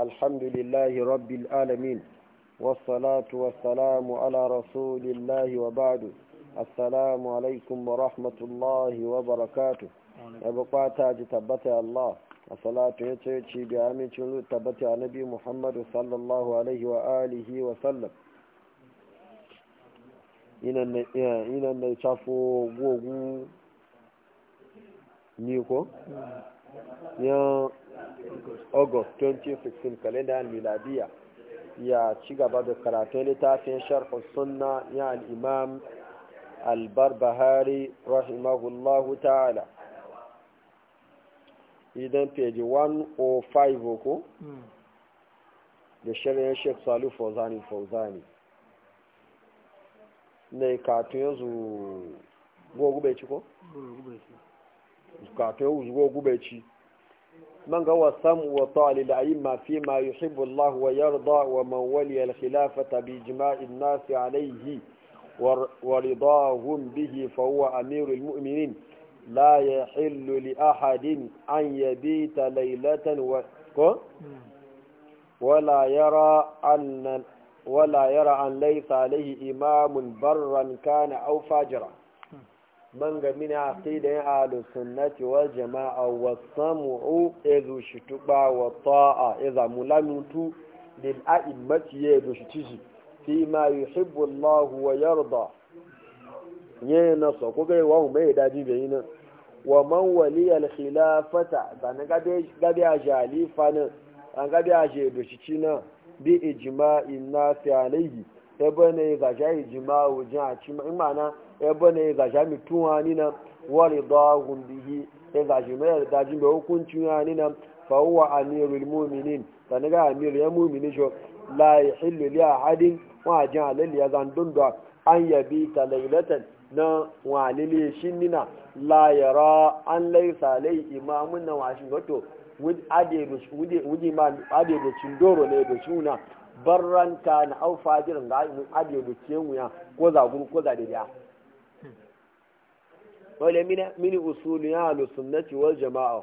الحمد لله رب العالمين والصلاة والسلام على رسول الله وبعد السلام عليكم ورحمة الله وبركاته يبقى تاج تبتع الله الصلاة يتشي بعمل شلو تبتع نبي محمد صلى الله عليه وآله وسلم ina mai tafo gogu ni ko ya august 2016 kalendar miladiya ya ci gaba da karatun littafin sharh sunna ya al-imam albar bahari rahimahullahu ta'ala idan page 105 oku hmm. da shirin sheikh salu fauzani fauzani ne katun yanzu gogu ci ko? gogu ci kato yau zuwa gube ci man ga wasan wata lilayi mafi ma yi hibbullahu wa yarda wa mawali alkhilafata bi jima'in nasi alayhi wa ridahum bihi fahuwa amirul mu'minin la ya hillu li ahadin an yabita lailatan wa ko ولا يرى أن ولا يرى أن ليس عليه إمام برا كان أو فاجرا man ga mini aqidan ahlu sunnati wal jama'a was sam'u izu shituba wa ta'a iza mulamutu lil a'immati yadu shitiji fi ma yuhibbu Allah wa yarda yana so ko ga wa mai daji bai nan wa man waliya al khilafata dan gabe gabe a jalifa nan an gabe a je do shi nan bi ijma'in nasi alayhi ebe ne ga shayi jima'u jin a ma na ebe ne ga sha mituwa ni na wari dawahun hi e ga shi mai yarda jin bai hukuncin ya ni na fawwa amirul muminin sani ga amiru ya mumini shi la ya li ahadin hadin wa jin halil ya dun da an yabi ta lailatan na wa walile shi na la ya ra an laisa lai imamun na washin wato wuji ma ade da cindoro ne da shuna barran na au ga da mu abiye da ke wuya ko zaguru ko zadiriya wale mini usulu ya halu sunnati wal jama'a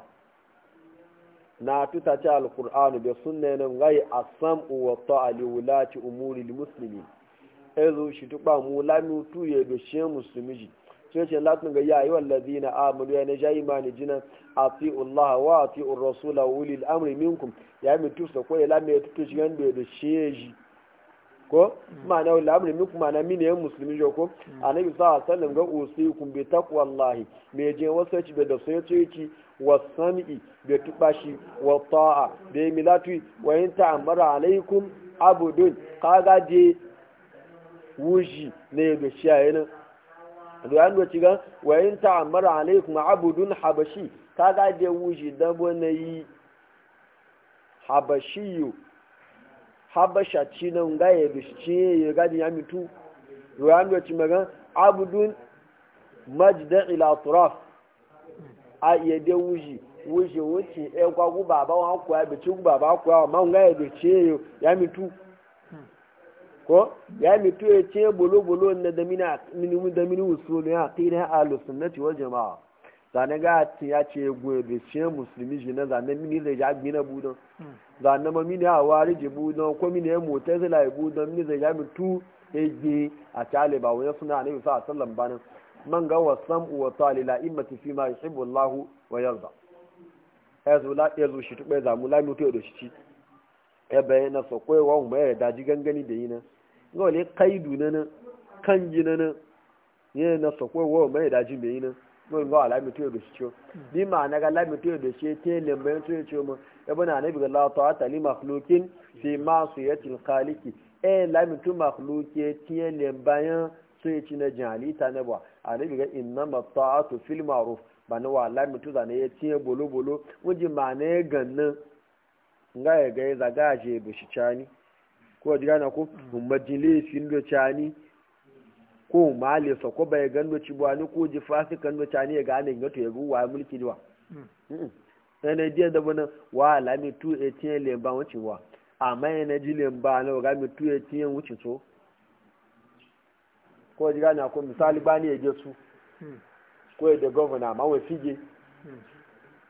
na tuta ce alkur'anu da sunna nan gai a sam'u wa ta'ali wulati umuri muslimi ezo shi tukpa mu lami tuye da shi musulmi sai ce Allah tun ga ya yi wallazi na amuru ya na ja imani jina a fi Allah wa a fi Rasula wuli al'amri minkum ya mi tusa ko ya lami ya tutu shigan da da sheji ko mm. ma'ana wuli al'amri minkum ma'ana mini yan musulmi jo ko mm. annabi sa sallam ga usikum bi taqwallahi mai je wasu ya ci da so ya ci wa sam'i bi tubashi wa ta'a bi milatu wa in ta'amara alaikum abudun kaga je wuji ne ga shi yayin ruwan da cigan wayin ta amara alaikum abudun habashi ka ga da wuji da wani habashiyu habasha ci nan ga ya bishi ya gadi ya mitu ruwan da ci magan abudun majda ila turaf a iya da wuji wuji wuce e eh, kwagu baba wa kuwa bici baba kuwa ma ga ya bishi ya mitu ko ya mitu ya ce bolo-bolo na da mini usulun ya ƙi na alusunnati wa jama'a zane ga ya ce gwebe ce musulmi shi na zane mini zai ja bi na budon hmm. zane ma mini a wari ji budon ko mini ya mota zai layi budon mini zai ja mitu ya ji a cale ba wani suna ne sa a sallan banin man ga wa sam'u wa talila immati fi ma yuhibbu Allahu wa yarda yazo la yazo shi tuɓe zamu la mutu da shi ci ebe na so koyewa mu ya daji gangani da yi na Hmm. ga wani kaidu na nan kangi na nan yana na sako wa mai daji mai nan mun ga alami to da shi ciyo bi ma na ga alami to da shi te lambayin to ya ciyo mu ibn anabi Allah ta'ala tali makhluqin fi ma'siyatil khaliqi e lami to makhluqe te lambayin to ya ci na jalita na ba anabi ga innama ta fil ma'ruf ba na wa alami to zane ya tiye bolo bolo wuji ma ne gannan ga ya ga ya zaga je bushi cani ko ji gane mm. ko ummajin laifin da cani ko mali sa ko bai gando ci ba ani, ko ji fasikan da cani ya gane ga to ya ruwa mulki diwa mm. na dia da bana wa la mi tu etien le ba wuce wa amma na ji le ba na ga mi tu etien wuci so ko ji gane ko misali bani ya je su mm. ko da governor ma wa fige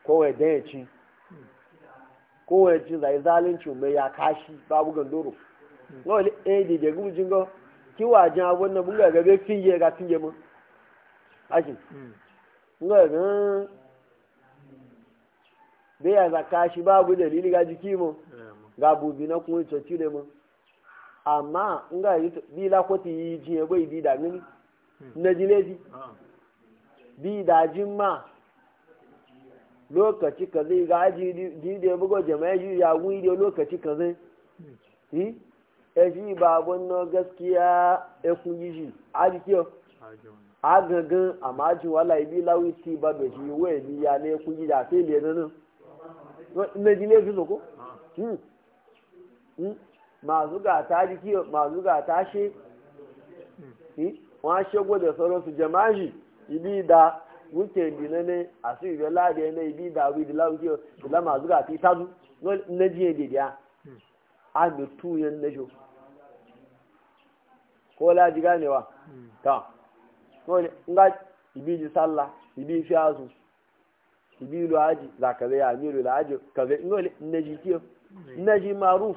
ko wa da ya ci ko wa ci zai zalincin mai ya kashi babu gandoro wọ́n lé èdè ìjẹ̀gùn mi jíngọ́ kí wàá jẹun àwọn náà mú gàgà bẹ́ẹ̀ fi yẹ ká fi yẹ mọ́ àṣì ńlọ gan-an bẹ́ẹ̀ àzàkà ṣì bá ga lílí gajú kí mọ́ gàbù bìnnà kún ètò tí lè mọ́ àmà ibi ìdàgbé ga aji bugo jama'a yi ya wuri lokaci hmm. eji babun abụọ gaskiya e kun yi shi a jikiyo ibi lawi ti ba da ji we ya ne kun yi da fe le nan fi hmm. Hmm. ta jikiyo masu ga ta she hmm. wọn ṣe su ibi ida wíkẹndì nẹnẹ àti ìrẹlá ibi ida wíìdì láwùjọ ìlànà àdúrà àti ìtàdù lẹjì a mutu yan na jo ko laji ganewa hmm. ta ko nga ibi ji salla ibi fi azu ibi lu aji za ka zai amiru la aji ka zai ngole na ji kiyo hmm. na ji maruf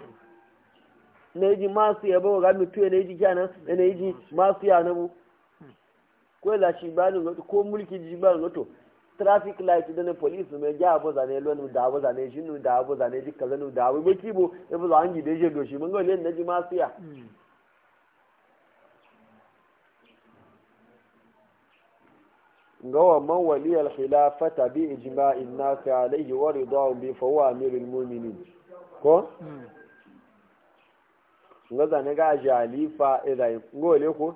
na ji masu yabo ga mutu na ji kyanan na ji masu yanabu hmm. ko la shi ba ko mulki ji ba to traffic light da na police mai ja abu zane lon da abu zane shi nu da abu zane jikka zanu da abu baki bo e bu zangi da je doshi mun ga le na ji masiya gawa man waliyar khilafata bi ijma'in nasi alayhi wa ridwan bi fa huwa amirul mu'minin ko hmm. ga zane ga jalifa e idan gole ko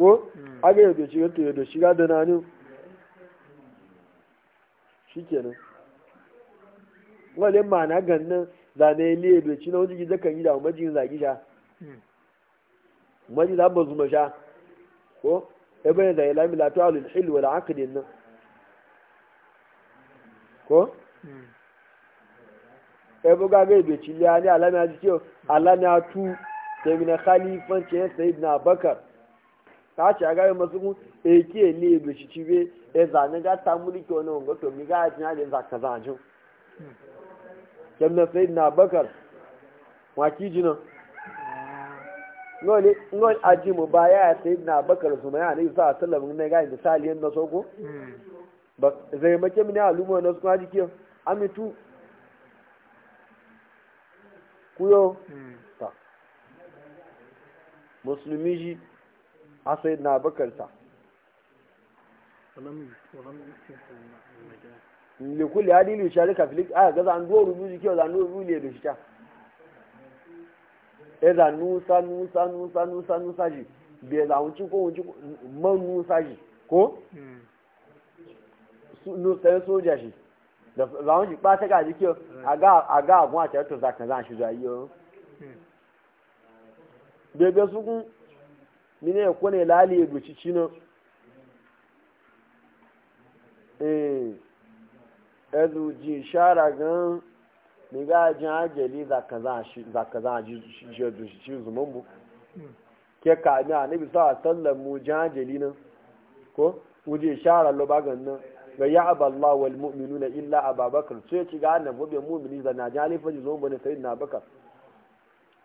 ko hmm. aga yadda shiga to yadda shiga da nani shi kenan wale ma'ana gannan zane ne yadda shi na wani gizo kan yi da majin zagi sha hmm. majin ba zuma sha ko ya bayan zai lami latu alul hilu wala akadin nan ko hmm. ya buga ga yadda shi ya ne alami ji jikin alami a tu ta yi na khalifanci ce sayid na bakar ka ha a gari masu eke eh, ne da shi cibe ya eh, zane ga ta mulki wani wanga to mi ga ajin ajin za ka zajin kemna sai na bakar waki jinan ngoli ngoli aji mu baya ya sai na bakar su mai ne sa sallam ne ga misali yanda soko ba zai make mini aluma na su haji kiyo amitu kuyo hmm. ta musulmi ji a sai na bakarsa likuli ya hadi le shari ka filik a ga zan doru mu jike zan doru le da shi ta e za nusa nusa nusa nusa nusa ji be zan wuci ko wuci man nusa ji ko nusa soja shi da zan wuci ba ta ga jike a ga a ga gwa ta to zan shi zai yo bebe su kun mine ya kone laliye ya guci cino eh azu ji shara gan mi ga jin ajali za ka za ji shi zuman bu ke ka ni a nabi sa sallan mu jin ajali nan ko wuje shara lo bagan nan ga ya aballahu wal mu'minuna illa ababakar sai ci ga annabi mu'mini na jali fa ji zo bane sayyidina abakar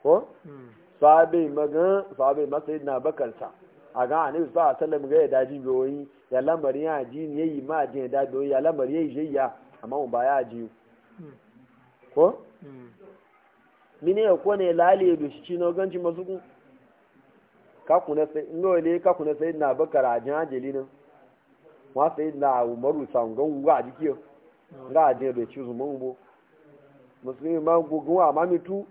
ko hmm. sahabe magan sahabe masayid na bakarsa a ga anabi sa sallam ga ya daji biyoyi ya lamari ya ji ne yayi ma ji ya daji ya lamari yayi jayya amma mu ba ya ji ko mine ya ko ne lale da shi no ganci masu ku ka kuna sai no ne ka kuna sai na bakara a jan ajeli nan wa sai na umaru sangon ga jikiyo ga ajeli da ci zumun bo musulmi ma gugun amma mitu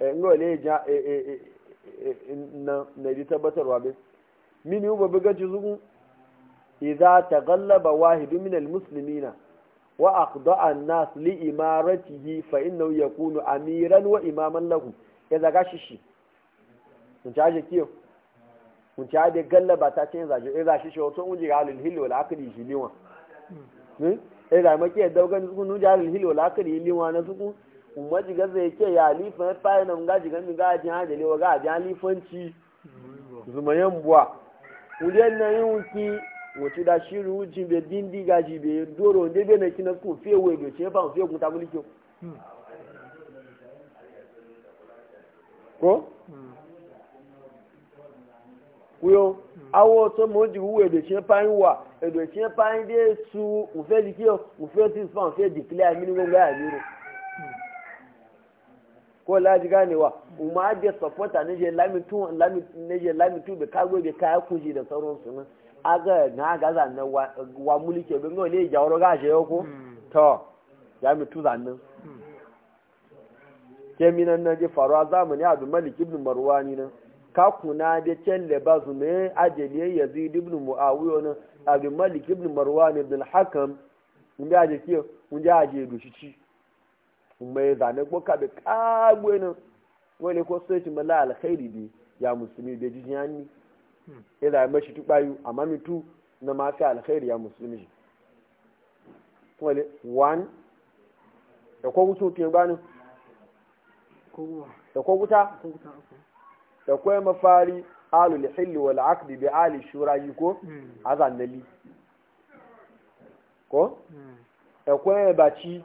Eh, ngo le ja eh, eh, na na ji tabbatarwa bin min yuba biga juzugun idza taghallaba wahidu min almuslimina wa aqda an-nas li imaratihi fa innahu yakunu amiran wa imaman lahum idza gashishi mun ta je kiyo mun ta de gallaba ta cin zaje idza shishi wato mun ji galul hil wal aqli jiliwa eh hmm? idza da daugan zugun nun jalul hil wal aqli liwa na zugun kuma jiga zai ke ya alifan ya fayi na mga jiga mi gaji hajjali wa gaji alifanci zumayen buwa wuliyan na yin wuki wace da shiru wujin bai dindi gaji bai doro ne bai na kina ku fiye wai bai ce fa fiye kuta mulki ko kuyo awo to mo ji wuwe bai ce fa yin wa bai ce fa yin dai su ufe dikiyar ufe tis fa ufe declare mini gonga ya biro ko laji ganewa umma da supporter ne je lamitu lamitu ne je lamitu be kago be kaya kuji da sauran su nan aga na ga za na wa mulke be ngo le jawro ga je ko hmm. to ya mitu zannan hmm. ke minan na je faruwa zamani abu malik ibn marwani nan ka kuna da kyalle ba su ne ajaliye yazid ibn muawiyo nan abu malik ibn marwani ibn al-hakam mun da je kiyo mun da je dushici mai zane ko kabe kagwe nan wani ko sai ci mala alkhairi bi ya musulmi bai jijin hmm. yanni ila mai shi tubayu amma mitu na ma sai alkhairi ya musulmi wani one da ko wuce ke gani da ko wuta da ko mafari alu lihilli wal aqdi bi ali shura yi ko hmm. azan ko hmm. da ko baci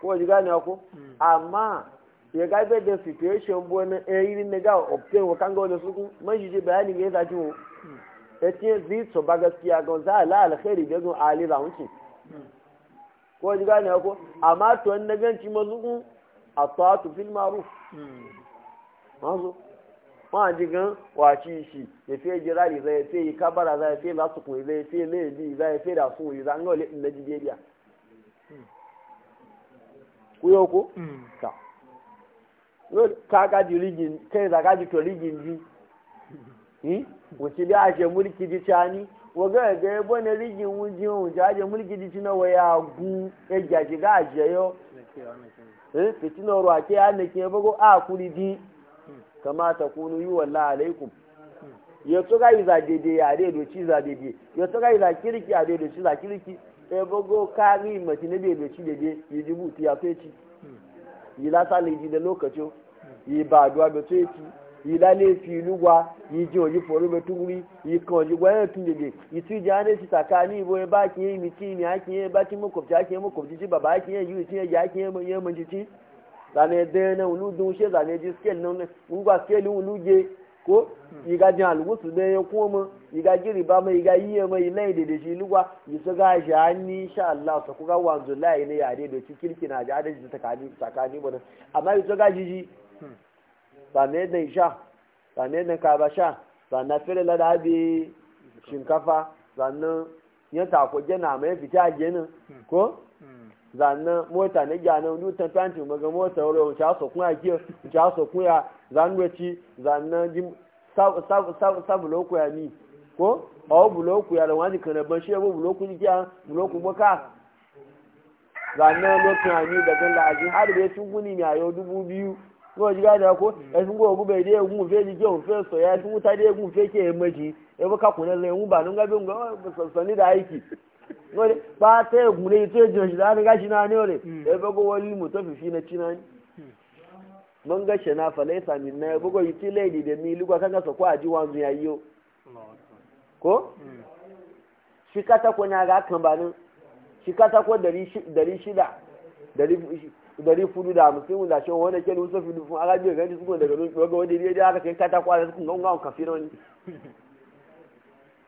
ko ji gane ko amma ya ga bai da situation bo na eri ne ga obtain wa kanga wala suku man ji ji bayani ga yasa jiwo ya ce zi so ba gaskiya ga za la khairi da zo ali ba wuce hmm. ko ji gane ko amma to an ma ci a atatu fil ma'ruf hmm. mazo ma ji gan waci shi ya fi jirali zai fi kabara zai fi lasu kun zai fi lebi zai fi da su yi zan ga wale in na jiberiya kuyo ko mm. ta ka ga di rigin kai yi ga ji to rigin ji yi wuce da ake mulki ji cani waga ga ya bane rigin wujin wuce ake mulki ji ci na e ya gu ya gyaji ga ajiye yo eh fitina ruwa ke ya nake ya bago a kuri di kamata kunu yi wala alaikum mm. ya tsoga yi za daidai ya daidai ci za daidai ya tsoga yi za kirki ya daidai ci za kirki ebogo kari mace na bebe ci da je yi dubu ti ya fe ci yi la sale ji da lokaci yi ba duwa be ce ci yi la le fi luwa yi ji oji foru be tunguri yi kan oji gwa tun da je yi tu ji ane ci sakani bo e ba ki yi mi ci ni a ki yi ba ki mo kopci a ki yi mo kopci ci baba a ki yi yi ci yi a ki yi mo yi mo ci ci zane dena ulu dun she zane ji scale nan ngwa scale ulu je ko iga jin alwusu ne ya koma iga giri ba mai iga yiye mai ilai da shi lugwa yisu ga a hannu insha Allah ta kuka wanzu lai ne yare da ci kirki na ji adalci tsakani tsakani mu amma yisu ga jiji ba ne da sha ba ne da kaba sha ba na fere la bi shinkafa sannan yan tako jana mai fita jenin ko zanna mota na gyana wani utan tanti maga mota wuri wuce aso kun ya ke wuce aso kun ya zanweci zanna jim sabuloku ya ni ko awo buloku ya da wani kana ban shi yabo buloku ji kiya buloku maka zanna lokacin ya ni daga la'ajin har da ya tunguni ne a dubu biyu ko ji gada ko ya tungo ogu bai dai egun fe ji ke ofe so ya tungu ta dai egun fe ke emaji ya ka kunan zai mu ba nun gabi mun ga sani da aiki wani ba ta yi ya ito jin shi da an gashi na ne ole hmm. ya bago wani mutum na cina ne hmm. mun na falaisa min na ya bago yi ti da a ji wanzu ya o. ko hmm. shi kata ko na ga kan shi kata dari shida dari fudu da amusi da shi wanda ke lusa fudu fun arabiya gani su daga aka kai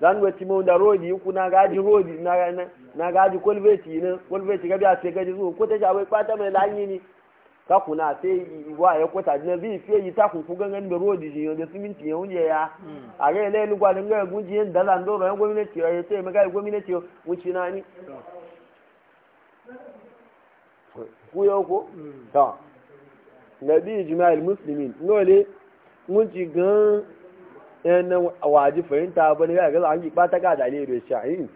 zan wati mo da na gaji rodi na na gaji kulbeti ne kulbeti gabi a sai gaji zuwa ko ta jawo kwata mai lanyi ni ka kuna sai wa ya kota na bi sai yi ta ku ku gangan da rodi da siminti ya hunje hmm. ya a ga le lu gwanin ga guji da zan do ran gwamnati ya sai mai ga gwamnati wuci na ni ku yo ko hmm. ta muslimin nole ɗayan waji fahimta ba ne ya gaza an yi ɓata ka da alero shahin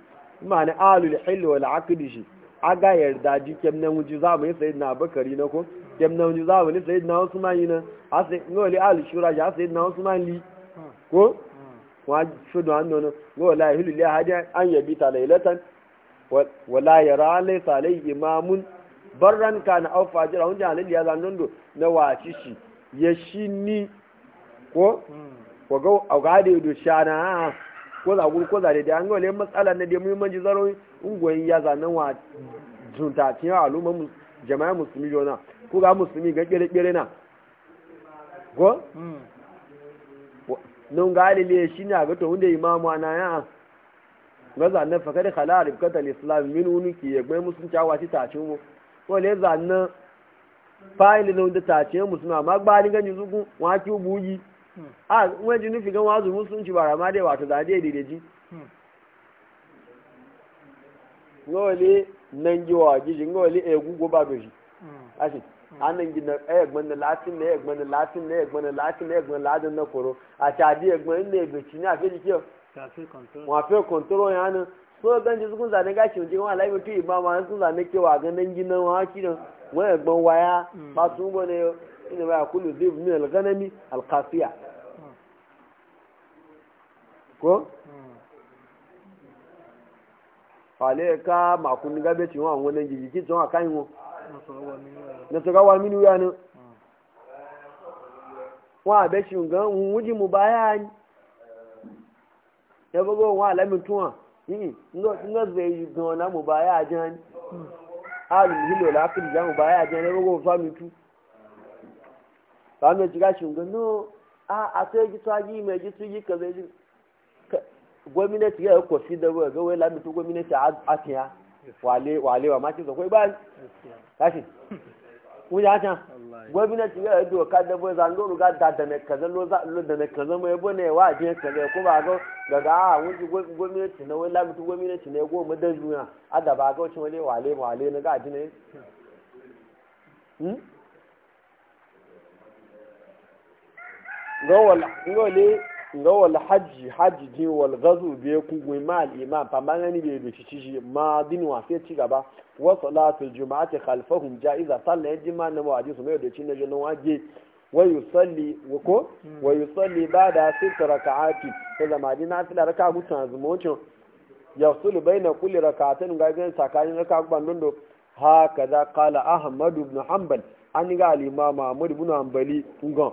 ma'ana alul hillu wal aqdi shi aga yarda ji kem nan wuji za mu yi sayyidina bakari na ko kem nan wuji za mu yi sayyidina usman yi na asai ngoli al shura ja sayyidina usman li ko wa shudu an nono ngola hilu li hadi an yabi ta laylatan wala yara laysa alayhi imamun barran kana aw fajira hunja halil ya zan dondo na washi shi ya shi ni ko waga augade do shana ko za gun ko za da an gole matsala na da muhimman zaro ungoyin ya zanen wa junta tin al'umma jama'a musulmi jona ko ga musulmi ga kire kire na ko? Hmm. nun ga alile shi ne ga to wanda imamu ana ya ga zanen fa kada khala ribkatal islam min unuki ya gbe musun chawa ti tashin mu ko le zanan fa'ilin da tashin musulma ma gbalin ganin zugun wa ki buji a wọ́n ji nufi gan wazu musulunci wato zaje da daji nan ji wa ji n'oli egwu gugu ba do shi ashi na e na latin na e na latin na e na latin e na e latin na koro a ta di na e chi na wa ya na. so gan ji sun zane gashi ji zane ga na wa mm. ba ina ba kullu min al-ghanami al-qasiya ko fale ka makun gabe ci wọn àwọn ẹnjì yìí kí tí wọn àkáyìn wọn nẹtọgá wa mí Wa wíwá ni wọn àbẹ ṣì nǹkan òun jí ni ẹ gbogbo wọn àlẹ́ mi tún hàn yìí nígbà tó yìí ni alùpùpù nílò láfíìlì já mo bá yá jẹ́ ni ẹ gbogbo wọn fámi tú fámi ẹ̀ ti "No, a nǹkan náà àti ẹ̀jú tó ajé ìmọ̀ ẹ̀jú gwamnati ya ko shi da ga wai lami to gwamnati a atiya wale wale ma ce ko ba kashi kun ya ta gwamnati ya do ka da bai zan loro ga da da ne kaza lo za lo da ne kaza mai bane wa je ga ko ba ga daga a ji gwamnati na wai lami to gwamnati ne goma da juna a da ba ga wacin wale wale wale na ga ji ne hmm? ga wala ga wale nga wal hajji hajji ji wal gazu be ku gwi ma al imam fa ma ngani be be ji ma din wa sai ci gaba wa salatu juma'ati khalfahum ja'iza sallan ma na wa ji su mai da cin na waje wa yusalli ko hmm. wa yusalli ba'da sit raka'ati ko ma ji na fila raka gutu na zumuncin yafsulu baina kulli raka'atin ga ga sakanin raka guban dondo hakaza qala ahmad ibn hanbal an ga al imam mahmud ibn hanbali ngon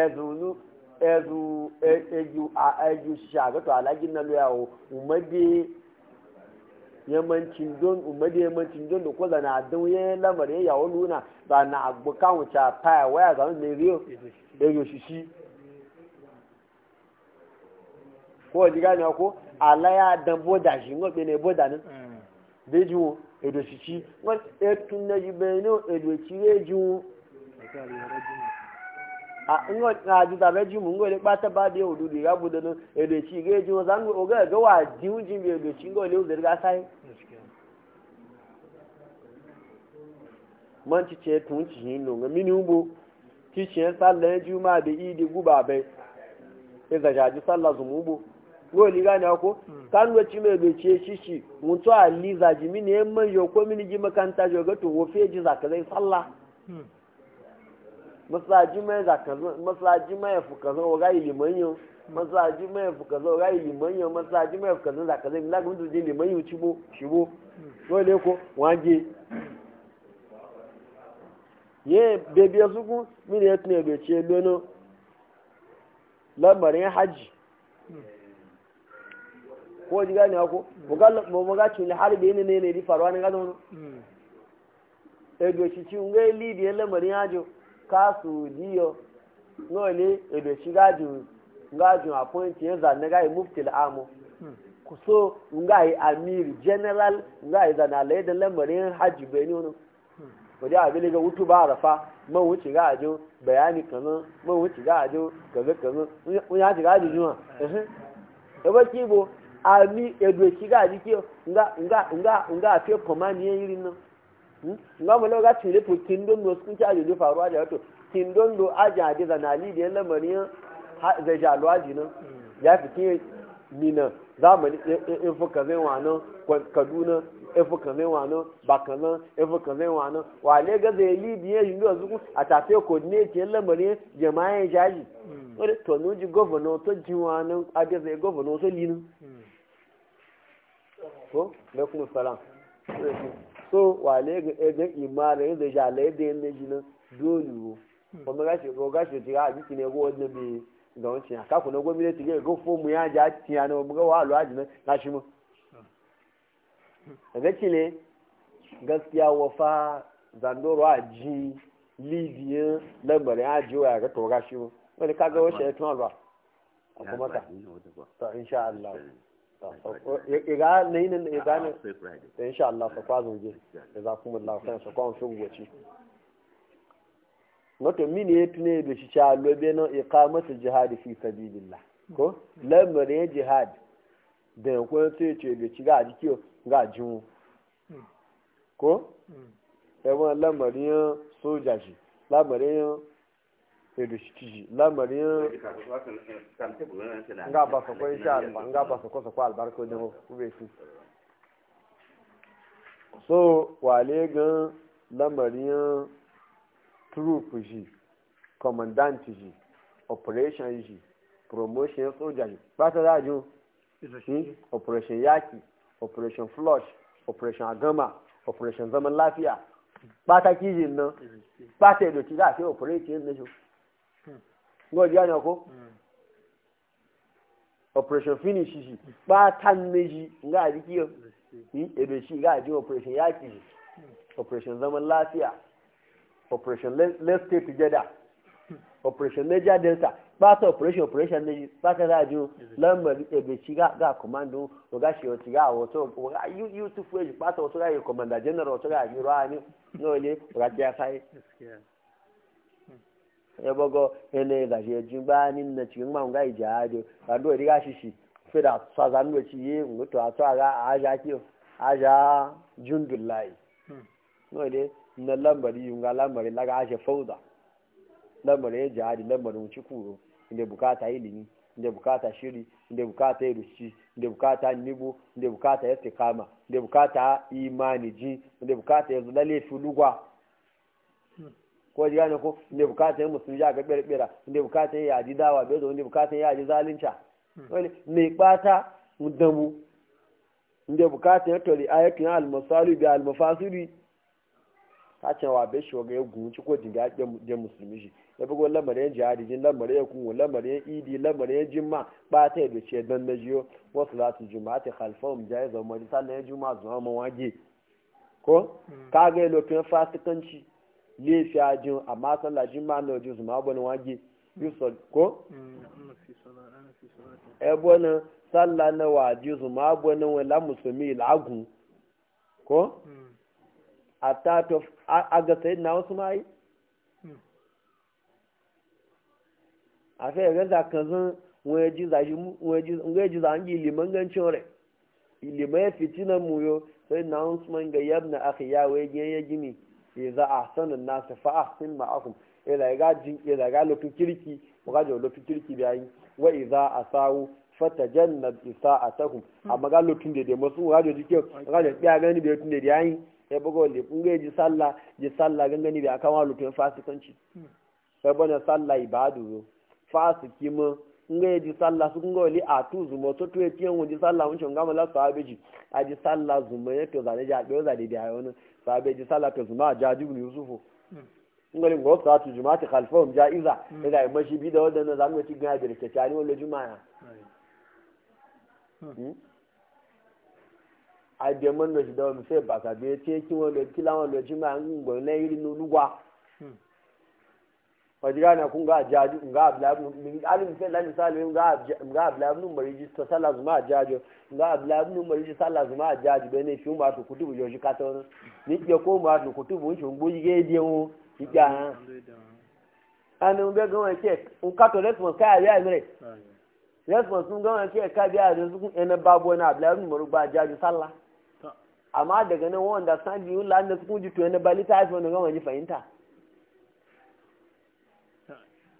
ẹ̀dùnú ẹ̀rù ẹ̀jù ẹ̀jù a àgọ́tọ̀ alájí náà lóyà o ùmọ́dé yamancin yamancin don dòkó zànà àdánwó yẹn lámàrin ìyàwó lónà zànà àgbọ̀káwọn ṣà páyà wáyà zànà lè rí ẹ̀jù kó o jìgá ni ọkọ aláyà dán bódà sí ńgọ́ pé ní bódà ní bẹ́jú wọn ẹ̀jù ṣiṣẹ́ wọ́n ẹ̀tún náà yìí bẹ́ẹ̀ ní Ah, ngo ngaju da beji mungo le pata ba de odu de ga budano e de chi ge jo zango o ga ga wa jiu jin be de chi ngo le ga sai man chi che tun chi hin no mi ni ubo chi che sa le ma de i guba be e ga ja ju sa la zu mu ubo ngo li ga na ko hmm. kan we chi me be chi e chi chi mun to ali za ji mi ne man yo ko mi ni ji makanta jo ga to wo fe ji za ka dai sallah hmm. masaji mai za ka zo masaji mai fu ka zo ga liman yo masaji mai fu ka zo ga liman yo masaji mai fu ka zo za ka zo la gudu je liman yo chibo chibo so le ko waje ye bebi azugu mi ne tne be che lono lamarin haji ko ji gane ko mu ga cin harbe ne ne ne di faruwa ne ga zo no hmm. e do shi ci ngai lidi lamarin haji kasu diyo nole ebe shi gajin gajin appointi ya zane gai muftil amu hmm. so nga yi amir general nga yi zana laidan lamarin hajji beni wani hmm. wajen abin ga wutu ba rafa man wuce ga bayani kanan man wuce ga ajo kaza kanan wani hajji ga ajo juma ebe eh. kibo ami ebe shi ga aji kiyo nga nga nga nga afe komani ya yiri nga mu lauga cire pu kindon do faruwa da wato kindon do aje ade lamarin da jalwaji nan mm. ya fike mina zamani efu e, e, kazai wano kaduna efu kazai na bakana efu kazai na wa ne ga zai li biye yin zuku a tafe coordinate yan mm. to no ji governor to ji governor mm. ko salam so wale ga egan imara yadda ja la yadda yadda ji nan dole wo kuma hmm. gashi ko gashi ti ga jiki ne ko wannan bi ga wancin aka ku na gwamnati ga go fomu ya ja ti ya na mu ga wa alwaji nan gashi mu daga ne hmm. gaskiya wafa zandoro a ji lambarin a ji ga to gashi mu wani kaga wasu ya tun alba a kuma ta insha Allah ga na yi nan ga ne da insha Allah sa kwa zoge da za kuma lafiya sa kwa wasu gwaci wato ya tune da shi cha lobe na iqamatu jihad fi sabilillah ko jihad da yankun sai ce da ci ga jikiyo ga ko hmm. Hmm. sai wani lamarin soja shi da shi ciji lamarin nga ba su kwai sha alba nga ba su kwasa kwa albarka wajen kube su so wale gan lamarin trup ji commandant ji operation ji promotion soja ji ba ta dajo hmm? operation yaki operation flush operation agama operation zaman lafiya ba ta kijin nan ba ta idoci za a sai operation na ngo ji ana ko operation finish shi ba tan meji ga ji kiyo ni edo shi ga ji operation yaki operation zaman lafiya operation let's stay together operation major delta pata operation operation ne pata radio lambar ebe shi ga commando oga shi o tiga wato oga you you to pata wato ga commander general wato ga yura ni no le oga ja sai ebogo ene ga je jimba ni na cikin ma nga ija ajo ba do riga shishi fe da saza ndo ci ye ngoto ato aga aja ki aja jundullahi hmm. no de na lambari yunga lambari laga aja fauda lambari ya jihadi lambari mu ci kuro inda bukata ilimi inda bukata shiri inda bukata irushi inda bukata nibu inda bukata ya tikama inda bukata imani ji inda bukata ya zulale fulugwa hmm. ko ji gane ko inda bukatan musulmi ya ga ɓerɓera inda bukatun ya ji dawa bai zo inda bukatun ya ji zalunta hmm. wani mai ɓata damu inda bukatun ya tori ayatun almasalu da almafasiri ta ce wa bai shi waga ya gunci ko jinga ya musulmi shi ya bugo lamarin jihadi jin lamarin ya kunwo lamarin idi lamarin jimma ta yi dace don na jiyo wasu su juma'a ta halfon jaya zama jisa na ya juma'a zama mawage ko hmm. kaga ya lokacin fasikanci le a jin amma sallah jin ma na jin ma bani waje mm. yusuf ko ebo mm, na sallah na waje su ma bani wala musulmi lagun ko mm. a tato a ga na wasu ma yi a sai ga zakanzun wọ́n jí zàyí mú wọ́n jí wọ́n jí zàyí yìí lèmọ́ ń gẹ́ńtsọ́ rẹ̀ lèmọ́ yẹ fìtínà mú yó sẹ́yìn náà ń sọ́n gẹ̀ yẹ́bùnà àkìyà wọ́n yẹ gẹ́ idza ahsana an-nas fa ahsin ma'akum ila ga jin ila ga lokin kirki mu ga jo lokin kirki bayi wa idza asau fatajannab isa'atahum amma ga lokin da da masu ga jo dike ga jo biya gani da tun da yayi sai bugo le kun ga ji sallah ji sallah gangani da aka wa lokin fasikanci sai bana sallah ibadu fasiki mu nga ji sallah su ngo a atu zumo to to e tiyan wo ji sallah mun chonga mala sahabeji a ji sallah zumo ya to zane ja be za de da yono sabe ji salatu zuma jaji ibn yusufu hmm. ngani ngo salatu juma'a ta khalfahum jaiza hmm. ila mashi bi da wadannan zamu ci ga da kyakkyani wannan juma'a hmm. a bi man da shi da mu sai ba sabe ce ki wannan kilawan juma'a na yi irin nuluwa fajirana kun ga jaji ga ablabu min alim sai la misali ga ga mun mariji to sala zuma jaji ga mun mariji sala zuma jaji be ne ba to kutubu yoji katon ni ke ko ma to kutubu njo ngbo yige die o ija anu mun ga gawa ke un kato response ka ya mire response un ga en ke ka ya da su ina babo na ablabu mun ruba jaji sala amma daga nan wanda sanji un la ne su kun ji to ina balita iphone go gawa ji fahimta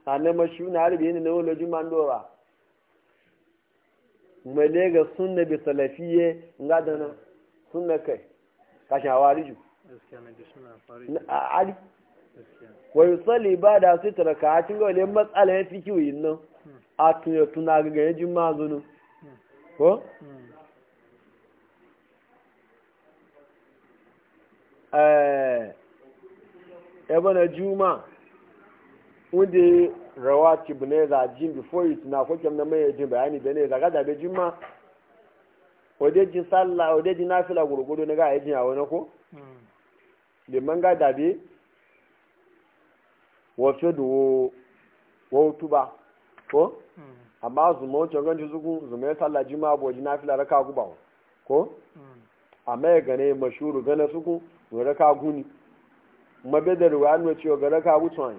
sane mashi na harbi yin na wani mandora mele ga sunna bi salafiye nga da nan sunna kai kashin hawariju ali wa tsali ba da su taraka hacin cin gawale matsala ya fi kiwoyin nan hmm. a tuya tuna gaga hmm. hmm. eh, ya jin mazunu ko eh ebe na juma'a wunde rawatib ne za jin before it na ko na mai jin bayani da ne zaga da be jin ma ode jin salla ode jin nafila gurgudu ne ga jin awo ko liman man da be wo fedu wo tuba ko amma zuma wancan ganci zuku zuma ya jin ma abu jin nafila raka guba ko hmm. amma ya gane mashuru gane suku raka guni mabedar wa an wace ga raka gutuwa ne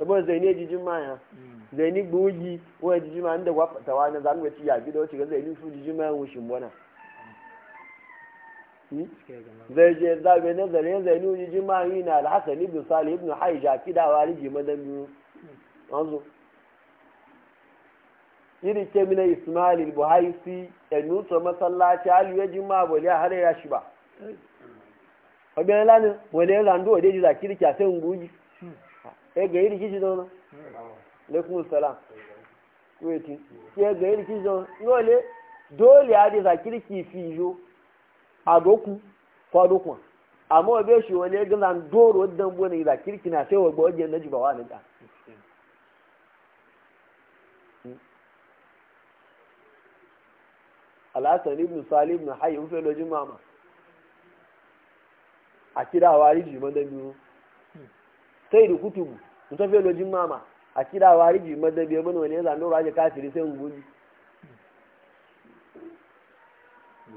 ebe zai ne jijin maya zai ni gbogi wani jijin maya inda gwafatawa na zanuwa ci yabi da wacce ga zai ni su jijin maya wushin bona hmm? zai je zabe na zare zai ni maya yi na alhassan ibn salih ibn haija kidawa rigi madan biyu wanzu iri ke mina ismail buhaisi enuto masallaci aliyu ya jima bole har ya shi ba ọgbẹ́ni lánàá wọlé rando òde jù làkìrìkì àti òǹgùn yìí e ga iri kishi don alaikum salam kuwaiti ke ga iri kishi don dole dole ya da zakir kifi yo a doku kwa dokun amma wa bai shi wani ya gaza doro dan bone zakir kina sai wa gwaje na jibawa na ta alhassan ibn salih ibn hayy mun fi lojin mama a kira wa biyu sai da kutubu ta fiye lojin mama a kira wari bi madabi ya mana wani ya zanen raje kafiri sai nguli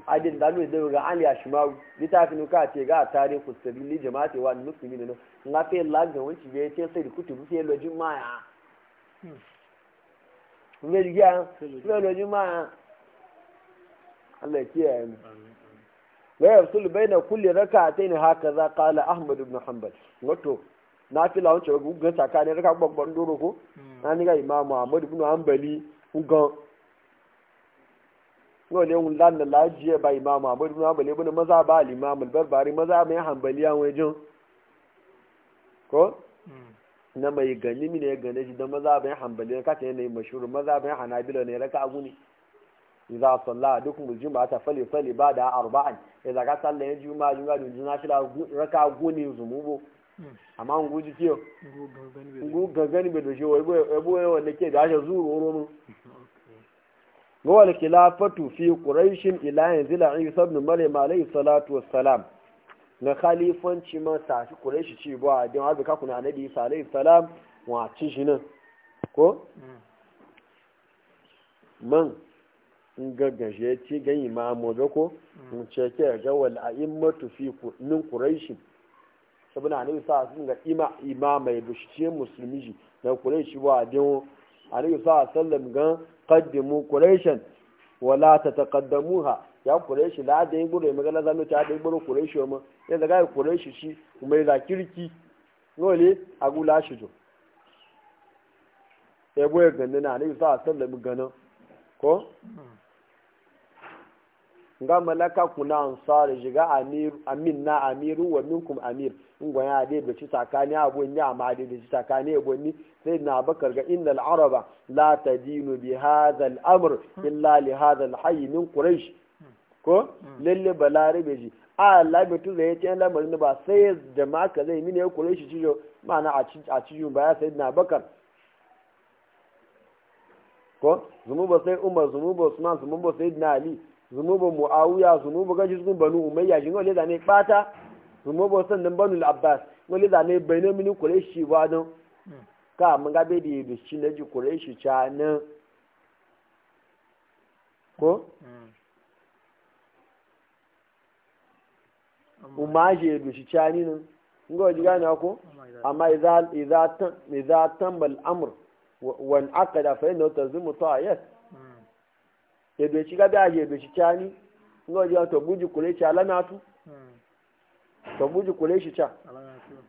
adin da nuna zai ga ali a shimaru littafin nuka ce ga a tare ku ni jama'ati wa ni musulmi ne na fiye lagin wanci ya ce sai da kutubu fiye lojin maya ne jigiya fiye lojin maya Allah ya kiyaye mu. Wa yafsul baina kulli raka'atayn hakaza qala Ahmad ibn Hanbal. na fi lawon cewa gugun tsakanin raka gbogbo doro ko na ni ga imamu amadu bin hanbali gugun no ne un lan la jiye ba imamu amadu bin hanbali bin maza ba alimamu barbari maza mai hanbali an wajin ko na mai gani mine ya gane shi da maza bai hanbali ka ta ne mashuru maza bai hanabila ne raka aguni iza salla dukum ta fali fali ba'da arba'an idza ka salla juma'a juma dun jina shi la raka aguni zumubo Hmm. amma nguji ji kiyo ngu gangani bai doshi wa ibo yawa da ke gashe zuru wuro mu ga wal khilafatu fi quraishin ila yanzu la isa ibn maryam alayhi salatu wassalam na khalifanci ma ta fi quraishi ci ba a haka ka kuna annabi isa alayhi salam wa ci shi nan ko hmm. man in gaggaje ci ga imamu da ko hmm. mun ce ke ga wal a'immatu fi min quraishin sabuna ne sa sun ga ima ima mai bishice musulmi ji na quraishi wa din anabi sa sallam ga qaddimu quraishan wala tataqaddamuha ya quraishi la da gure magana mu ta da gure quraishi mu ya daga quraishi shi kuma ya kirki dole a gula shi jo ya boye ganin anabi sa sallam ganin ko ga malaka kuna ansar shiga amir amin na amiru wa minkum amir ngwa ya dai da ci tsakani abu ni amma ade da ci tsakani abun e ni sai na bakar ga innal araba la tadinu bi hadha al amr illa li hadha al hayy min quraish ko lalle balarabe ji a labitu da ya ce lamarin ba sai jama'a ka zai mini ya kure shi cijo ma'ana a cijo ba ya sayi na bakar ko zunuba sai umar zunuba usman zunuba sai na ali zunuba muawiya zunuba gaji sun banu umayya shi ne da ne bata kuma san nan banu al abbas wani zane bai na mini kureshi ba don hmm. ka mun ga gabe da yadda shi na ji kureshi ca nan ko hmm. je yadda shi cha ni nan ngo ji gane ko oh amma idza bal amr wan aqada fa inna tazimu ta'ayat hmm. yadda shi gabe a yadda shi ca ni ga wajen to buji kureshi alamatu sambuji kule shi ca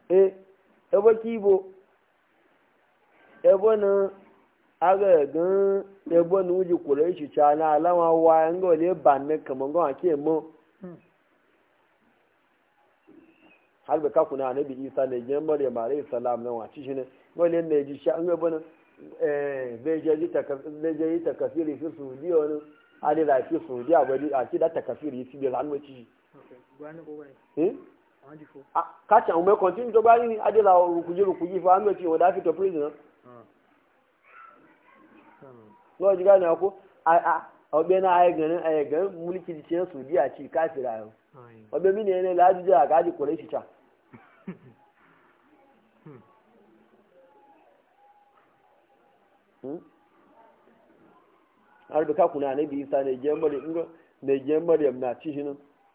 e ebe kibo ebe na aga gan ebe na uji kule shi ca na alama wa nga wale ba ne kamar gawa ke mo hmm. har bai kaku na anabi isa ne gen mara mare salam na wace shi ne wale ne ji sha an gaba na zai je yi takasiri fi saudiya wani hadi da fi saudiya a ci da takasiri fi bai zanuwa ci kacha mgbe kọntinu tó gbá nínú adéla rukuji rukuji fún amí òtí ìwọ̀dá fìtọ̀ prison lọ́wọ́ jíga ní na ọgbẹ́ náà ayẹgẹ̀rẹ́ ayẹgẹ̀rẹ́ mulki di chen su di a tí káàkiri ààrùn ọgbẹ́ mi nìyẹn lẹ́la ájújẹ́ àgájì kọ̀rẹ́ ṣìṣà hmm. hmm. arúgbó kákùnrin àníbi isa na mọ́rẹ̀ nìjẹ́ na nà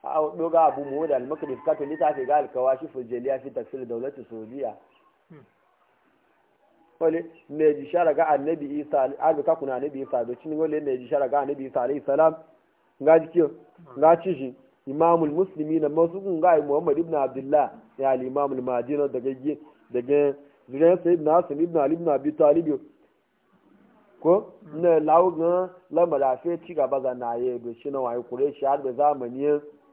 a doga abu mu da al-maqdis ka tulita fi ga al-kawashif al fi tafsir dawlati saudiya hmm. wale me ji shara ga annabi isa alu ka kuna wale me ji ga annabi isa alayhi salam imamul masu kun ga muhammad ibn abdullah ya al madina daga zuriyar ibn ali ibn abi talib ko hmm. na lawo ga na kure shi har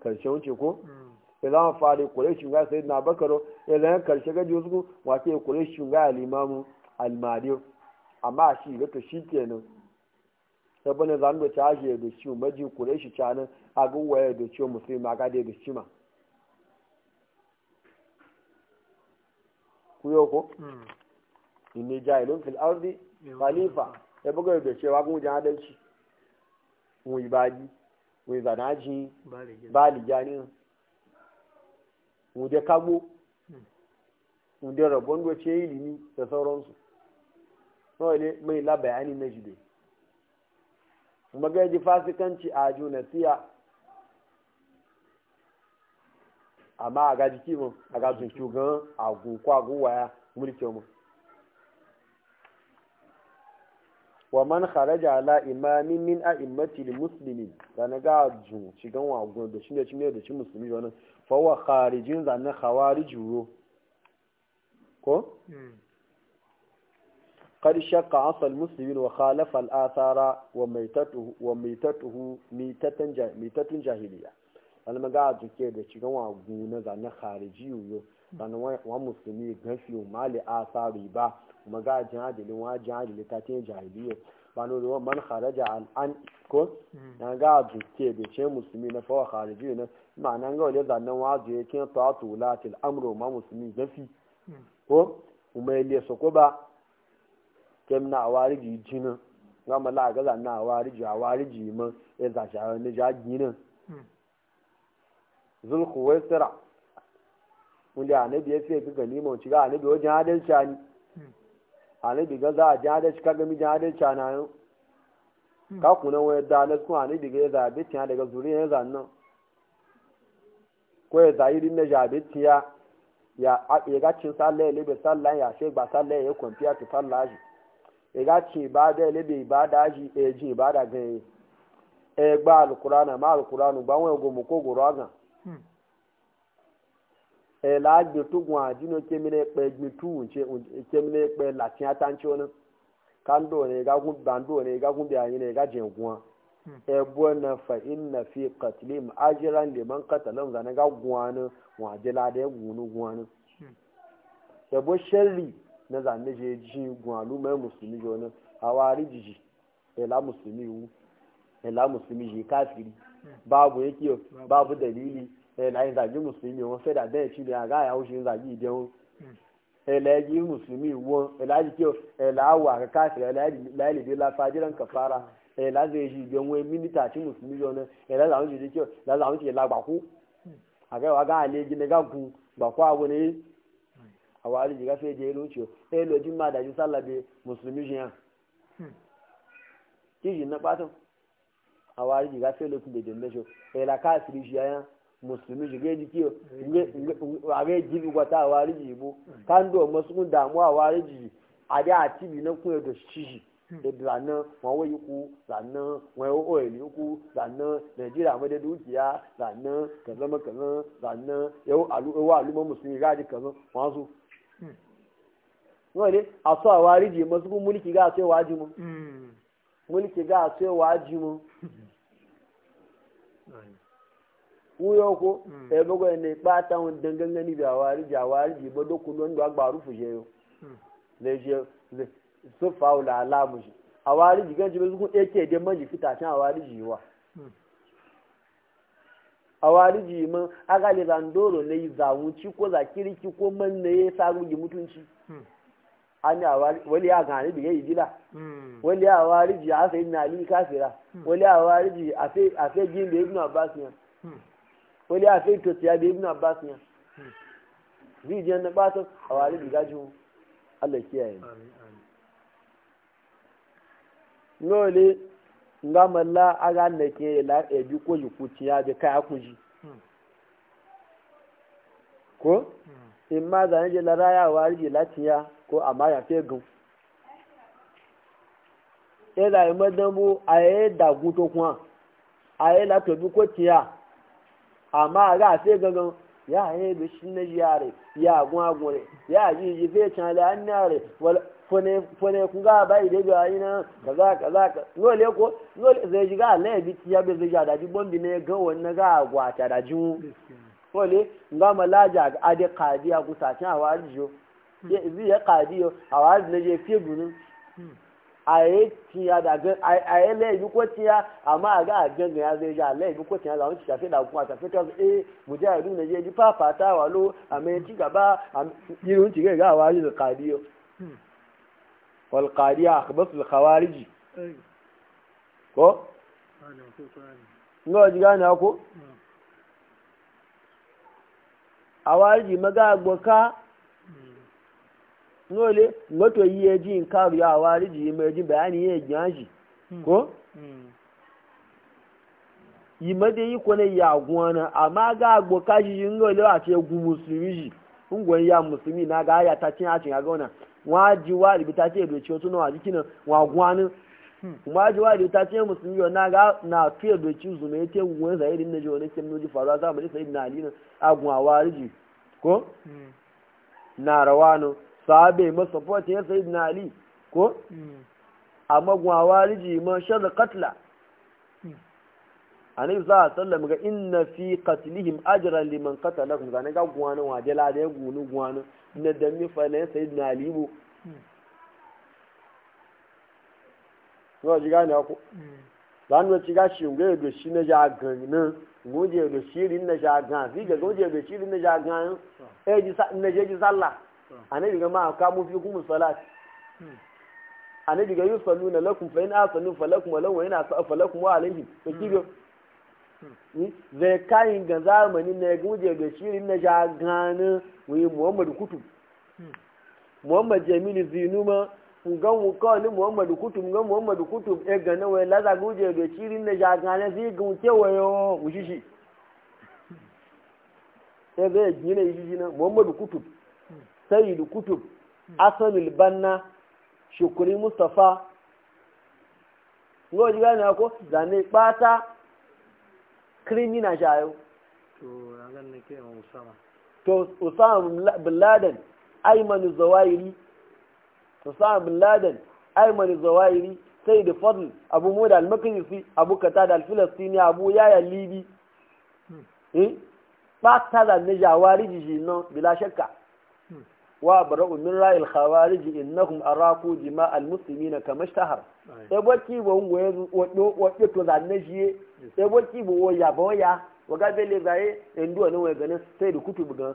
karshe wuce ko mm. idan fari kureshi ga sai na bakaro idan karshe gaji wasu ku wace kureshi ga alimamu almariyo amma shi ga to shi kenan sabon zan da tashi da shi maji kureshi canan a gawaye da ciwo musulma ga da shi ma kuyo ko mm. inni jahilun fil ardi khalifa ya bugar da cewa gun jihadalci mu ibadi wai zana ji baliya ne wunde kago wunde rabon doce ilimi da sauransu wale mai labayani na jibe magaji fasikanci a junasiya amma a gaji kimin a gajin shugaban agun kwagun waya mulkin mu wa man kharaja ala imamin min a'immati muslimin zana ga ju shigan wa gun da shine shine da shi musulmi wannan fa wa kharijin khawariju ko قد شق عصى المسلمين وخالف الآثار وميتته وميتته ميتة ميتة جاهلية أنا ما قاعد كده شيء كمان عقولنا خارجي ويو sannan wa musulmi gafi mali a sa riba kuma ga jahilin wa jahili ta ce jahiliya ba no zuwa man kharaja an an ko hmm. na ga duke da ce musulmi na fawa khariji na ma'ana ga wale zannan wa je kin tatu latil amru ma musulmi gafi hmm. ko kuma ile so ko ba kem na awariji jina ga mala ga zannan awariji awariji ma ya e zashi ne jagina hmm. zulkhuwaisira wanda annabi ya fiye ga nima wuce ga annabi wajen adalci ne annabi ga za a ji adalci ka gami jin adalci na yau hmm. ka kuna wani dalar kuma annabi ga ya zaɓe tiya daga zuriyar ya zannan ko ya zaɓi na zaɓe tiya ya ga cin sallah ya lebe sallah ya shi ba sallah ya kwamfiya ta sallah shi ya ga cin ibada ya lebe ibada shi ya ji ibada ganye ya gba alukurana ma alukuranu ba wani gomu ko goro agan hmm. la agbe tu gun adi no kemine kpe gbi tu nche kemine kpe latin atancho hmm. e na kando ne ga gun bando ne ga gun biya ne ga jin gun e bona fa inna fi qatlim nkata liman qatalam ga ga gun wa je la de gun gun hmm. e bo sherri na za ne je ji gun alu mai muslimi jo na awari jiji e la muslimi wu e la muslimi ji kafiri hmm. babu yake babu e dalili ẹ̀là eh, ìzàjí mùsùlùmí wọn fẹ́ dàbẹ́ ìtìlẹ̀ àgá àyàwó ṣe ń zàjí ìdẹ́wọ́n ẹ̀là ẹ̀jí wọn ẹ̀là ìjì kí àkàkà àṣìlẹ̀ ẹ̀là ìlèdè láfàájẹ́rẹ́ nkàfàrà ẹ̀là ìzàjí ìdẹ́wọ́n mínísítà àti mùsùlùmí yọ ẹ̀là eh, àwọn ṣe kí ẹ̀là àwọn ṣe làgbàkú àgẹ́wò hmm. àgá àlẹ́ ẹ̀jẹ̀ nígbà gun gbàkú àwọn ẹ̀yẹ hmm. àwọn àlejò káfíń ẹ̀jẹ̀ ẹ̀lú eh, ọ̀ṣọ́ ẹ̀lú ọdún máa dàjú sálàbẹ̀ mùsùlùmí ṣe hàn hmm. kí musulmi shige jiki a ga jibi wata a wari jibo kan do masu kun damu a wari jibi a da a tibi na kun da shi hmm. da zanna wawo yi ku zanna wawo oil yi ku zanna najeriya mai da dukiya zanna kaza makaza zanna yau wa aluma musulmi gadi kaza masu hmm. wani a so a wari jibi masu kun mulki ga sai wajimu hmm. mulki ga sai wajimu kuyo ko e bogo ne pata on dangangani bi awari ji awari ji bodo ba do agbaru fuje yo hmm. le je le so faula ala muji awari ji ganji be zugun eke de manji fita tan awari ji wa hmm. awari ji man aga le zandoro za wu ci ko za kiriki ko man ne ya saru ji mutunci ani awari wali ya gani bi yayi dila wali awari ji afa ibn ali kafira wali awari ji afa afa jin da ibn abbas ne wani a fai tosiya bai ibn abbas ne bi jiyan na batun a wari diga jihu allah mọ̀ lá ara malla aga na ke la e bi ko yuku tiya be kaya kuji hmm. ko hmm. in ma da ne la raya la tiya ko amma ya fe gun e da imadan bu aye da guto kuma aye la to ko tiya amma ga sai gagan ya yi da shi na yare ya gwagwure ya ji ji fe can da an yare fune kun ga bai da ga yi ka kaza ka nole ko nole zai ji ga na bi ya be zai ja da ji bombi ne ga wannan ga gwata da ju kole nga malaja ga ade qadiya ku sa can awari jo zai ya qadiyo awari ne je fi gunin aye tiya da gan aye laifi ko tiya amma a ga a gan ya zai ja laifi ko tiya da wani shafe da kuma shafe ta eh mujahidu na je ji fafata walo a mai ci gaba a irin ci gai gawa yi da kadiyo wal kadiya akhbasul ko ji gane ko hmm. maga nole ngoto yi eji nkaru ya awari ji ma eji bayani ya eji anji ko yi made yi na ne ya na hmm. Hmm. ama aga agbo kajiji yi ngole a ce musulmi ji ngwan ya musulmi na aga ya ta cin acin ga gona wa ji wa ribi ta ce do ciwo tunawa jikin wa hmm. ji wa ribi na ga na fiye do ciwo zuma na ji ali na sabe ma support ya sayyidina ali ko hmm. amma gwawariji ma shadda katla hmm. annabi za a sallam ga inna fi qatlihim ajran liman kuma zane ga gwana wa da la da gunu na da mi fa ne sayyidina ali bu hmm. ko ji ga ne ko zan wa ci ga shi ga da shi na ja gani nan goje da shirin na ja gan fi ga goje da shirin na ja gani eh ji na je ji sallah annabi ga ma mu fi kuma salat annabi ga na lakum fa in asallu falakum wa law yana sa falakum wa alayhi to kigo hmm. zai kayin ga zamani na ya guje ga shirin na jagana wai muhammadu kutu hmm. muhammad jamilu zinuma ngan wukawalin muhammadu kutu ngan muhammadu kutu e gana wai laza guje ga shirin na jagana zai gunce wayo wa ya zai gina yi shi na muhammadu kutu sayyid kutub asanul banna shukuri mustafa ngo jiga na ko zane bata krimina jayo to ragan ne ke usama to usama bin laden ayman zawairi usama bin laden ayman zawairi sayyid fadl abu muda al-maqdisi abu qatada al-filistini abu yaya libi hmm. eh bata da ne jawari jiji no bila shakka wa من min الخوارج khawarij innahum دماء المسلمين كما اشتهر kama shtahar e boki bo to zanne jiye bo wo ya bo wa ga bele zaye endu ne wo ganin sai da kutub gan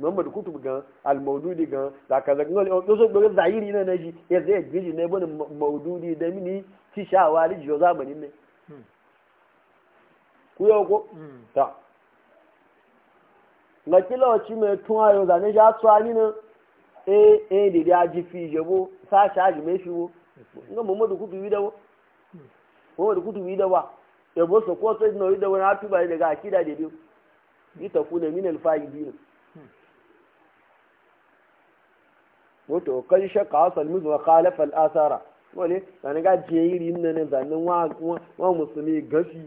Muhammad kutub gan al gan da kaza ngol o so do ne ne da mini ti ne ko ta ga kila wacce mai tun ayo zane ja tsuwa ni na eh eh da da ji fi je bo sa sha aji me shi bo nga muhammadu kutu wi da bo muhammadu kutu wi da ba e bo so ko sai no wi da wani atu ba daga akida da biyu ni ta kuna min al fa'idin wato kan shakka asal muzu wa khalafa al asara wani zane je jeyiri nan zanen wa musulmi gafi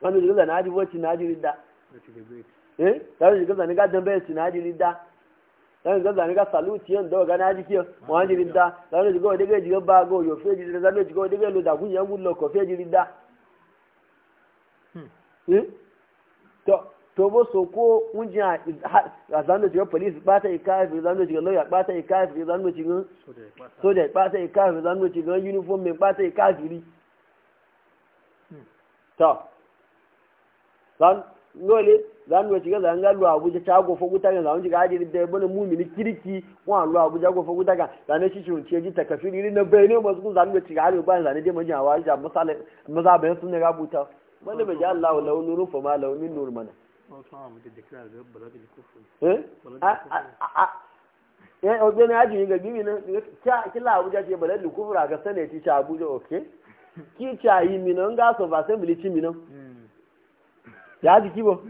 wani shiga zane adi wacce na ajiri da eh tare shiga zane ga dambe ci na ajiri da tare shiga zane ga saluti yan dawa gana ajiki wa ajiri da tare shiga wadda gaji ba ga oyo feji da zane shiga wadda gaji da kun yan gulo ko feji da hmm. eh? to bo so ko unji a zane shiga police bata ikafi zane shiga lawyer bata ikafi zane shiga soja bata ikafi zane shiga uniform mai bata ikafi hmm. to zan lole zan wa shiga zan ga luwa abuja ta gofa guta ga zan shiga ajiri da bane mumini kirki wa luwa abuja gofa guta ga zan shi shi ce ji takafiri ne na bayne masu kun zan ga shiga ajiri ba zan je majin hawa ja misali maza bayan sun ga buta wanda bai ji Allah wa launu rufa ma launin nur mana eh obe na ajiri ga gimi na kila abuja ce balal kufra ga sanati cha abuja okay ki ta yi minan ga so ba sai milici minan ya ji kibo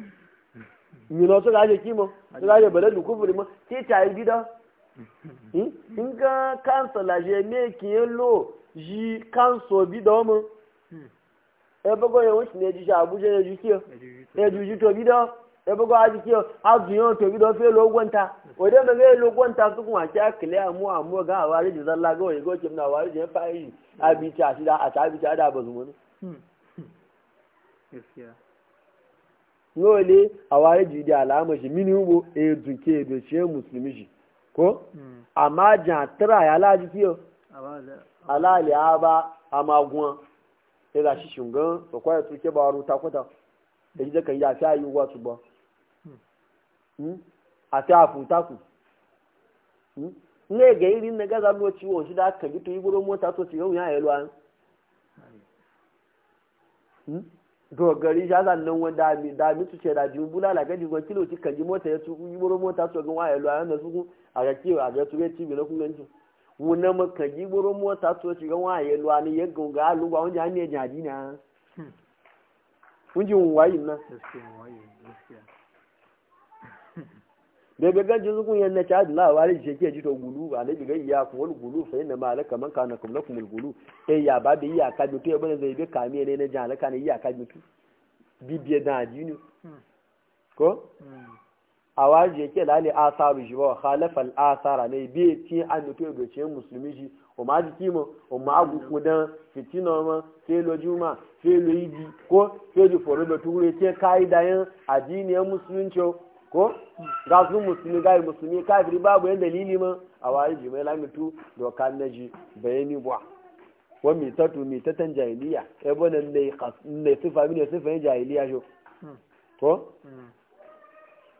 mino so gaje kimo so gaje bala du kufuri mo hm? ti ta gida nga kanso la je me ki lo ji kanso bido mo e bogo yo wuti ne ji ja abuje ne ji kiyo e ju ji to bido e bogo aji kiyo azu yo to bido fe lo gwanta o de me ge lo gwanta su kuma kya kile amu amu ga wari ji zalla go go kim na wari je fa yi abi ta shi da a ta bi ta da bazumu ne gaskiya nole a ware jidi alama e shi mini hubo e duke hmm. hmm? hmm? da shi musulmi shi ko amma jantara ya laji kiyo alali ya ba a maguwa ya za shi shingan da kwaya tuke ba ruta kwata da shi zaka yi a fiya yi uwa su ba a fiya futa ku ne ga irin na gaza nuwa ciwon shi da aka bi yi gudun mota to ciwon e ya yi e luwa to gari ya zannan wanda da mitu ce da bula la gadi gon kilo ci kanji mota ya su yi boro mota su gon waya luwa na su a ga kiwa a ga su bai bi na kun ganci wuna ma kanji boro mota su ci gon waya luwa ne ya ga lu ba wanda hanyar jadi na kun hmm. ji wayin na da ga ganjin zukun yan na cadi la wani je ke ji to gulu a ne ga iya ku wal gulu fa inna ma alaka man kana kum lakum al gulu e ya ba da iya ka bitu e bane zai be kami ne na jala kana iya ka bitu bibiye da ajinu hmm. ko hmm. a wani je ke lali asaru ji ba khalafa al ne bi ti an mutu do ce musulmi ji o ma ji kimo o ma agu ku dan fitina ma sai lo juma sai lo idi ko sai ji foro da ture ce kai da yan ajini musulunci ko ga su musulmi ga yi musulmi kafiri babu yan lili ma a wari jimai lamitu doka na ji bayani buwa wa mitatu mitatan jahiliya ebonan ne sifa mini yin jahiliya shi hmm. ko hmm.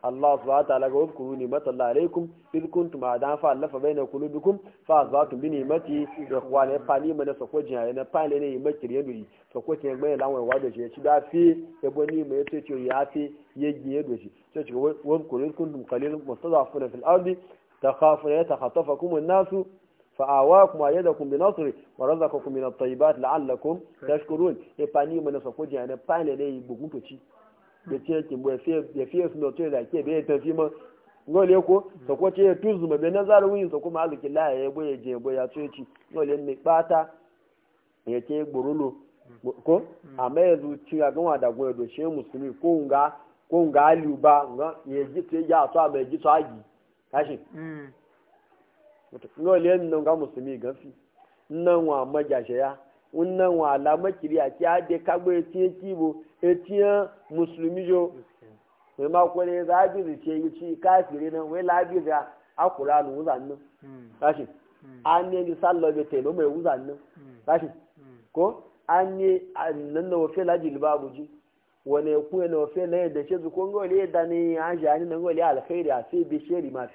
Allah subhanahu wa ta'ala ga wakuru ni matalla alaikum in kuntum adan fa allafa baina qulubikum fa azatu bi nimati ikhwana pali mana sako jiya na pali ne makiri yaduri sako ke gbe la won wado je ci da fi e bo ni me to ci ya fi ye giye do shi to ci wakuru in kuntum qalilun mustadafuna fil ardi takhafuna yatakhatafakum an-nasu fa'awakum ayyadakum bi nasri wa razaqakum min at-tayyibat la'allakum tashkurun e pani mana sako jiya na pali ne bugun to da ce ki bu ya fiye su da to da ke bai tafi ma ngole ko da ko ce tuzu ma bai nazar wuyin sa azuki la ya bo ya ya ce ci ngole ne bata ya ce gburulo ko amma yanzu ga gwa da gwa do musulmi ko nga ko nga aliu ba nga ya ji ce ya so ba ji so mm. musulmi gafi nan wa wannan wa alama kiri a ti ade kagbo etiye kibo etiye musulmi jo mai mako ne za a ci kafiri nan wai akura wuzan nan hmm. rashin hmm. an ne ni sallo mai wuzan nan hmm. rashin ko an ne nan na wafe laji libabu ji wane kuwa na wafe na yadda ce zukon gole ya ji ani nan gole alkhairi a sai bi sheri ma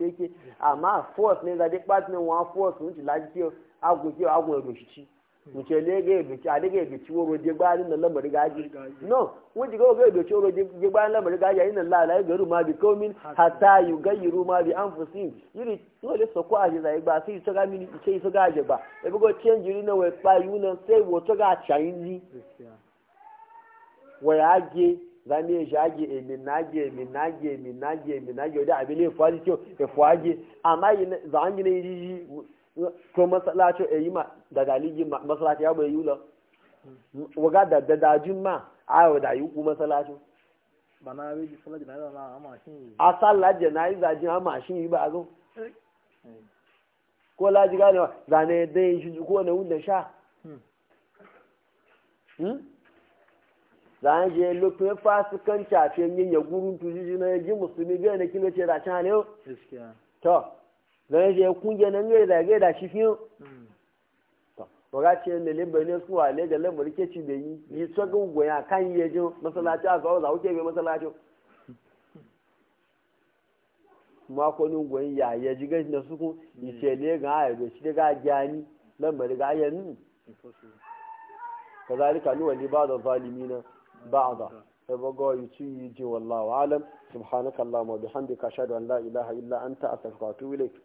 amma force ne za dai kwatin wa force mun laji agun agun ci muce lega ya bici a daga ya bici woro je bayan nan lamari gaji no wani jiga ga ya bici woro je bayan lamari gaji yayin nan lalai garu ma bi komin hatta yu gayiru ma bi an fusin yiri dole so ko aje zai ba sai to ga mini ice iso ga aje gba e bugo change yiri na we pa yu na sai wo to ga chainzi we aje zani ya shage e emi e minage e minage e minage da abile fadi to e fwaje amma zan yi na yiri ko masalacho e yi ma da galigi masalacho ya bai yi lo waga da dadajin ma ma ayo da yi ku masalacho bana bai ji na a mashin yi a a mashin yi ba a zo eh. ko laji gane wa zane dai shi ko na wunda sha hmm. Hmm? zane je lokacin kan cafe yin ya gurun tuji na ya musulmi bai na kilo ce da can ne to ya je kungiyar nan gari da gaida shi fiye hmm. to ga ce ne limba ne su wa lega lambar rikici da yi yi tsogon kan yi je masallaci a kawo zawo ke bai masallaci makonin goyi ya ya ji na suku hmm. yi ne ga a yabe shi ga gyani lambar hmm. ga ya nu kazalika na yi ji wallahu alam subhanakallahumma bihamdika ashhadu an la ilaha illa anta astaghfiruka wa atubu ilayk